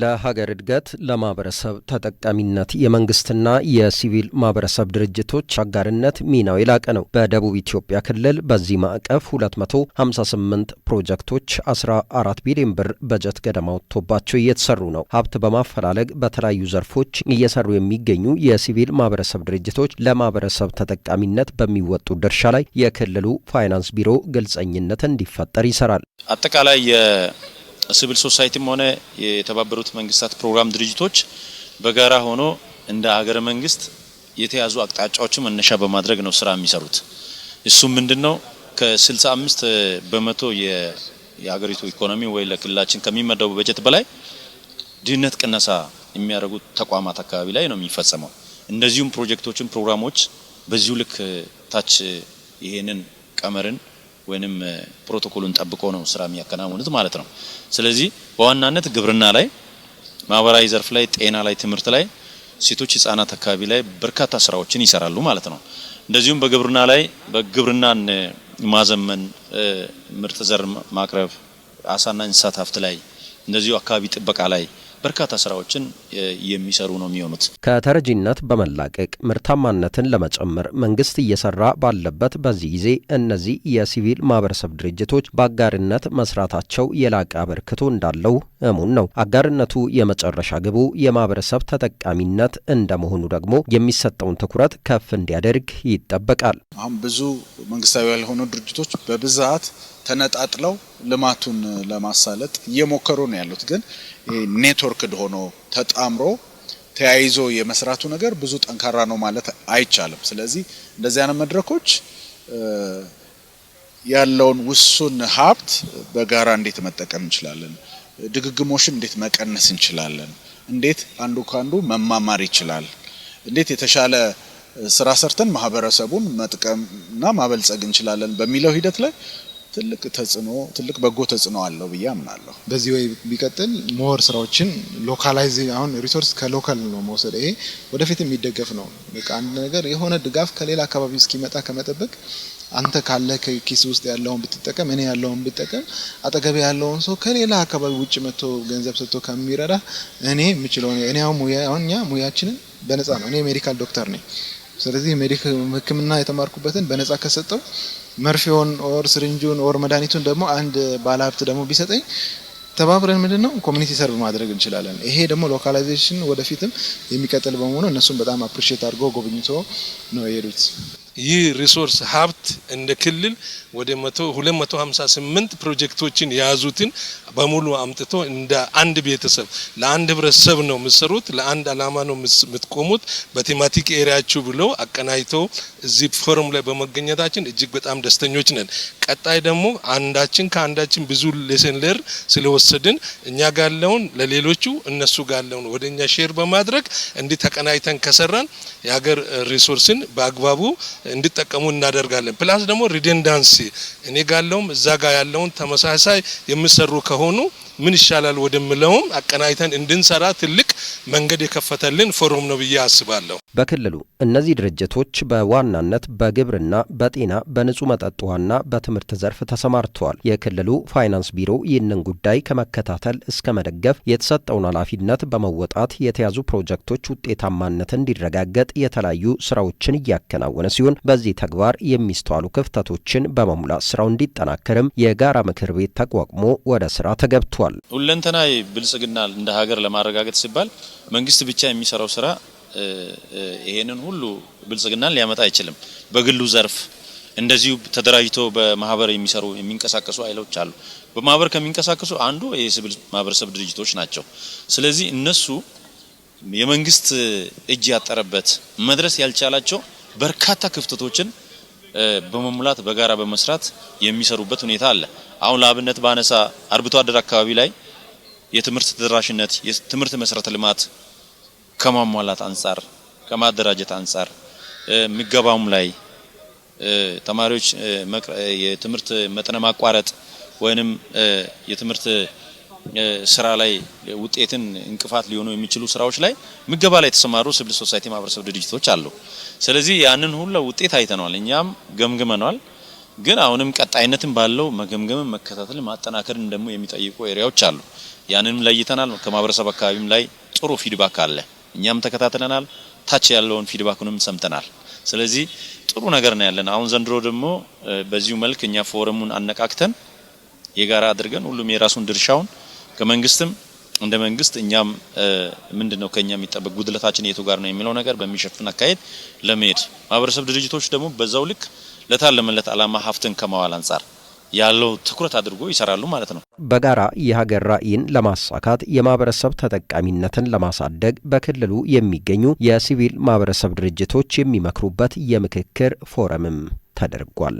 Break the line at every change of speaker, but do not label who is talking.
ለሀገር እድገት ለማህበረሰብ ተጠቃሚነት የመንግስትና የሲቪል ማህበረሰብ ድርጅቶች አጋርነት ሚናው የላቀ ነው። በደቡብ ኢትዮጵያ ክልል በዚህ ማዕቀፍ 258 ፕሮጀክቶች 14 ቢሊዮን ብር በጀት ገደማ ወጥቶባቸው እየተሰሩ ነው። ሀብት በማፈላለግ በተለያዩ ዘርፎች እየሰሩ የሚገኙ የሲቪል ማህበረሰብ ድርጅቶች ለማህበረሰብ ተጠቃሚነት በሚወጡ ድርሻ ላይ የክልሉ ፋይናንስ ቢሮ ግልጸኝነት እንዲፈጠር ይሰራል።
አጠቃላይ ሲቪል ሶሳይቲም ሆነ የተባበሩት መንግስታት ፕሮግራም ድርጅቶች በጋራ ሆኖ እንደ ሀገረ መንግስት የተያዙ አቅጣጫዎችን መነሻ በማድረግ ነው ስራ የሚሰሩት። እሱም ምንድነው ከ65 በመቶ የሀገሪቱ ኢኮኖሚ ወይ ለክልላችን ከሚመደቡ በጀት በላይ ድህነት ቅነሳ የሚያደርጉ ተቋማት አካባቢ ላይ ነው የሚፈጸመው። እንደዚሁም ፕሮጀክቶችን፣ ፕሮግራሞች በዚሁ ልክ ታች ይሄንን ቀመርን ወይንም ፕሮቶኮሉን ጠብቆ ነው ስራ የሚያከናውኑት ማለት ነው። ስለዚህ በዋናነት ግብርና ላይ፣ ማህበራዊ ዘርፍ ላይ፣ ጤና ላይ፣ ትምህርት ላይ፣ ሴቶች ህጻናት አካባቢ ላይ በርካታ ስራዎችን ይሰራሉ ማለት ነው። እንደዚሁም በግብርና ላይ በግብርናን ማዘመን፣ ምርጥ ዘር ማቅረብ፣ አሳና እንስሳት ሀብት ላይ እንደዚሁ አካባቢ ጥበቃ ላይ በርካታ ስራዎችን የሚሰሩ ነው የሚሆኑት።
ከተረጂነት በመላቀቅ ምርታማነትን ለመጨመር መንግስት እየሰራ ባለበት በዚህ ጊዜ እነዚህ የሲቪል ማህበረሰብ ድርጅቶች በአጋርነት መስራታቸው የላቀ አበርክቶ እንዳለው እሙን ነው። አጋርነቱ የመጨረሻ ግቡ የማህበረሰብ ተጠቃሚነት እንደመሆኑ ደግሞ የሚሰጠውን ትኩረት ከፍ እንዲያደርግ ይጠበቃል።
አሁን ብዙ መንግስታዊ ያልሆኑ ድርጅቶች በብዛት ተነጣጥለው ልማቱን ለማሳለጥ እየሞከሩ ነው ያሉት። ግን ኔትወርክድ ሆኖ ተጣምሮ ተያይዞ የመስራቱ ነገር ብዙ ጠንካራ ነው ማለት አይቻልም። ስለዚህ እንደዚህ አይነት መድረኮች ያለውን ውሱን ሀብት በጋራ እንዴት መጠቀም እንችላለን፣ ድግግሞሽን እንዴት መቀነስ እንችላለን፣ እንዴት አንዱ ከአንዱ መማማር ይችላል፣ እንዴት የተሻለ ስራ ሰርተን ማህበረሰቡን መጥቀምና ማበልጸግ እንችላለን በሚለው ሂደት ላይ ትልቅ ተጽዕኖ ትልቅ በጎ ተጽዕኖ አለው ብዬ አምናለሁ።
በዚህ ወይ ቢቀጥል ሞር ስራዎችን ሎካላይዝ አሁን ሪሶርስ ከሎካል ነው መውሰድ ይሄ ወደፊት የሚደገፍ ነው። በቃ አንድ ነገር የሆነ ድጋፍ ከሌላ አካባቢ እስኪመጣ ከመጠበቅ አንተ ካለ ኪስ ውስጥ ያለውን ብትጠቀም እኔ ያለውን ብጠቀም አጠገብ ያለውን ሰው ከሌላ አካባቢ ውጭ መጥቶ ገንዘብ ሰጥቶ ከሚረዳ እኔ የምችለው እኔ አሁን ሙያችንን በነጻ ነው። እኔ ሜዲካል ዶክተር ነኝ። ስለዚህ ሜዲክ ሕክምና የተማርኩበትን በነጻ ከሰጠው መርፌውን ኦር ስሪንጁን ኦር መድኃኒቱን ደግሞ አንድ ባለሀብት ደግሞ ቢሰጠኝ ተባብረን ምንድን ነው ኮሚኒቲ ሰርቭ ማድረግ እንችላለን። ይሄ ደግሞ ሎካላይዜሽን ወደፊትም የሚቀጥል በመሆኑ እነሱም በጣም አፕሪሼት አድርገው ጎብኝቶ ነው የሄዱት።
ይህ ሪሶርስ ሀብት እንደ ክልል ወደ 258 ፕሮጀክቶችን የያዙትን በሙሉ አምጥቶ እንደ አንድ ቤተሰብ ለአንድ ህብረተሰብ ነው የምትሰሩት፣ ለአንድ አላማ ነው የምትቆሙት፣ በቴማቲክ ኤሪያችሁ ብለው አቀናይቶ እዚህ ፎረም ላይ በመገኘታችን እጅግ በጣም ደስተኞች ነን። ቀጣይ ደግሞ አንዳችን ከአንዳችን ብዙ ሌሰን ለር ስለወሰድን እኛ ጋለውን ለሌሎቹ እነሱ ጋለውን ወደ እኛ ሼር በማድረግ እንዲ ተቀናይተን ከሰራን የሀገር ሪሶርስን በአግባቡ እንዲጠቀሙ እናደርጋለን። ፕላስ ደግሞ ሪደንዳንሲ እኔ ጋለውም እዛ ጋ ያለውን ተመሳሳይ የሚሰሩ ከሆኑ ምን ይሻላል ወደምለውም አቀናይተን እንድንሰራ ትልቅ መንገድ የከፈተልን ፎረም ነው ብዬ አስባለሁ።
በክልሉ እነዚህ ድርጅቶች በዋናነት በግብርና፣ በጤና፣ በንጹህ መጠጥ ውሃና በትምህርት የትምህርት ዘርፍ ተሰማርተዋል። የክልሉ ፋይናንስ ቢሮ ይህንን ጉዳይ ከመከታተል እስከ መደገፍ የተሰጠውን ኃላፊነት በመወጣት የተያዙ ፕሮጀክቶች ውጤታማነት እንዲረጋገጥ የተለያዩ ስራዎችን እያከናወነ ሲሆን በዚህ ተግባር የሚስተዋሉ ክፍተቶችን በመሙላት ስራው እንዲጠናከርም የጋራ ምክር ቤት ተቋቁሞ ወደ ስራ ተገብቷል።
ሁለንተናዊ ብልጽግና እንደ ሀገር ለማረጋገጥ ሲባል መንግስት ብቻ የሚሰራው ስራ ይሄንን ሁሉ ብልጽግናን ሊያመጣ አይችልም። በግሉ ዘርፍ እንደዚሁ ተደራጅቶ በማህበር የሚሰሩ የሚንቀሳቀሱ ኃይሎች አሉ። በማህበር ከሚንቀሳቀሱ አንዱ የሲቪል ማህበረሰብ ድርጅቶች ናቸው። ስለዚህ እነሱ የመንግስት እጅ ያጠረበት መድረስ ያልቻላቸው በርካታ ክፍተቶችን በመሙላት በጋራ በመስራት የሚሰሩበት ሁኔታ አለ። አሁን ለአብነት ባነሳ አርብቶ አደር አካባቢ ላይ የትምህርት ተደራሽነት፣ የትምህርት መሰረተ ልማት ከማሟላት አንጻር፣ ከማደራጀት አንጻር ምገባውም ላይ ተማሪዎች የትምህርት መጠነ ማቋረጥ ወይንም የትምህርት ስራ ላይ ውጤትን እንቅፋት ሊሆኑ የሚችሉ ስራዎች ላይ ምገባ ላይ የተሰማሩ ሲቪል ሶሳይቲ ማህበረሰብ ድርጅቶች አሉ። ስለዚህ ያንን ሁሉ ውጤት አይተነዋል፣ እኛም ገምግመናል። ግን አሁንም ቀጣይነትን ባለው መገምገም መከታተል ማጠናከርን ደግሞ የሚጠይቁ ኤሪያዎች አሉ። ያንንም ለይተናል። ከማህበረሰብ አካባቢም ላይ ጥሩ ፊድባክ አለ፣ እኛም ተከታትለናል። ታች ያለውን ፊድባክንም ሰምተናል። ስለዚህ ጥሩ ነገር ነው ያለን። አሁን ዘንድሮ ደግሞ በዚሁ መልክ እኛ ፎረሙን አነቃክተን የጋራ አድርገን ሁሉም የራሱን ድርሻውን ከመንግስትም እንደ መንግስት እኛም ምንድነው ከኛ የሚጠበቅ ጉድለታችን የቱ ጋር ነው የሚለው ነገር በሚሸፍን አካሄድ ለመሄድ ማህበረሰብ ድርጅቶች ደግሞ በዛው ልክ ለታለመለት ዓላማ ሀብትን ከማዋል አንጻር ያለው ትኩረት አድርጎ ይሰራሉ ማለት ነው።
በጋራ የሀገር ራዕይን ለማሳካት የማህበረሰብ ተጠቃሚነትን ለማሳደግ በክልሉ የሚገኙ የሲቪል ማህበረሰብ ድርጅቶች የሚመክሩበት የምክክር ፎረምም ተደርጓል።